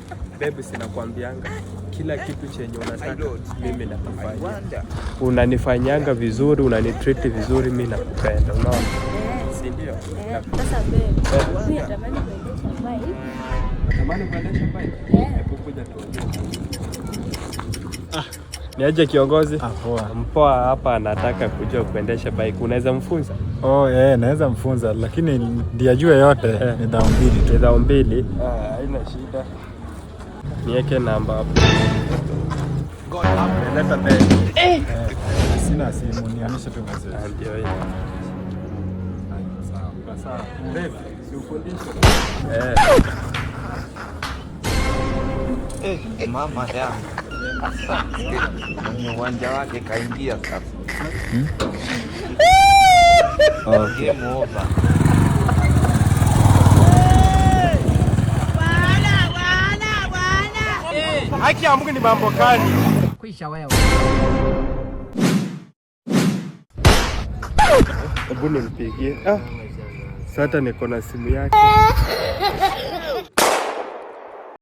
Bebe, sinakwambianga kila kitu chenye unataka mimi nakufanya, unanifanyanga vizuri, unanitreat vizuri, mi nakupenda, unaona, si ndio? Sasa baby, mimi natamani kuendesha bike. Natamani kuendesha bike? Hebu kuja tuongee. Ah, niaje kiongozi? Afua. Ah, Mpoa hapa anataka kujua kuendesha bike, unaweza mfunza? Oh, yeah, naweza mfunza lakini ndiajue yote, eh. ni dao mbili tu. ni Nidhaumbili? Ah, haina shida niweke namba hapo. Eh! Sina simu, niamishe tu mzee. Ndio hiyo. Sawa. Si Eh. Mama ya. Kwenye uwanja wake kaingia sasa. Game hmm? over. Haki ya Mungu ni mambo gani? Kwisha wewe. Hebu nimpigie. Ah. Sasa niko na simu yake.